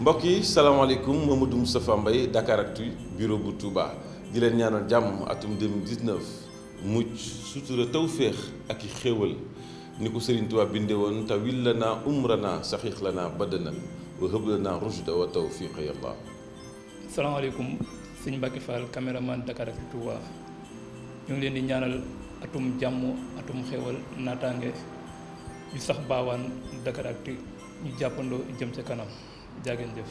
mbokk yi salaamaaleykum Mamadou Moustapha Mbaye Dakaractu bureau bu Touba di leen ñaanal jàmm atum 2019 mucc sutura tawféex ak i xéewal ni ko Serigne Touba binde woon tawil la naa umra naa saxiix la naa badana wa hëb la naa rushda wa tawfiq yàlla salaamaaleykum sëñ Mbacke Fall caméraman Dakaractu Touba ñu ngi leen di ñaanal atum jàmm atum xéewal naataange ñu sax baawaan Dakaractu ñu jàppandoo jëm ca kanam Jagendev.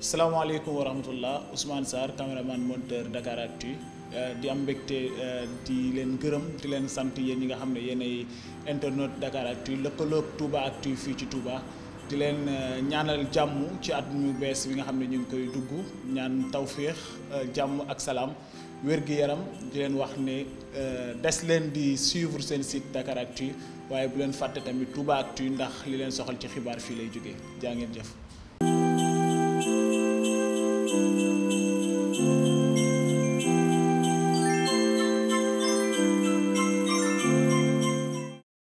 Assalamu alaikum wa rahmatullah. Ousmane Sarr, cameraman monteur Dakar Actu. Eh, di am mbégte eh, di leen gërëm di leen sant yang ñi nga xam ne yéen ay internet Dakar Actu lëkkaloog Touba Actu fii ci di leen eh, ñaanal jàmm ci at ñu bees bi nga xam ne ñu ngi koy dugg wér-gu-yaram di leen wax ne euh, des leen di suivre seen site Dakaractu waaye bu leen fàtte tamit Toubactu ndax li leen soxal ci xibaar fii lay jóge jaa ngeen jëf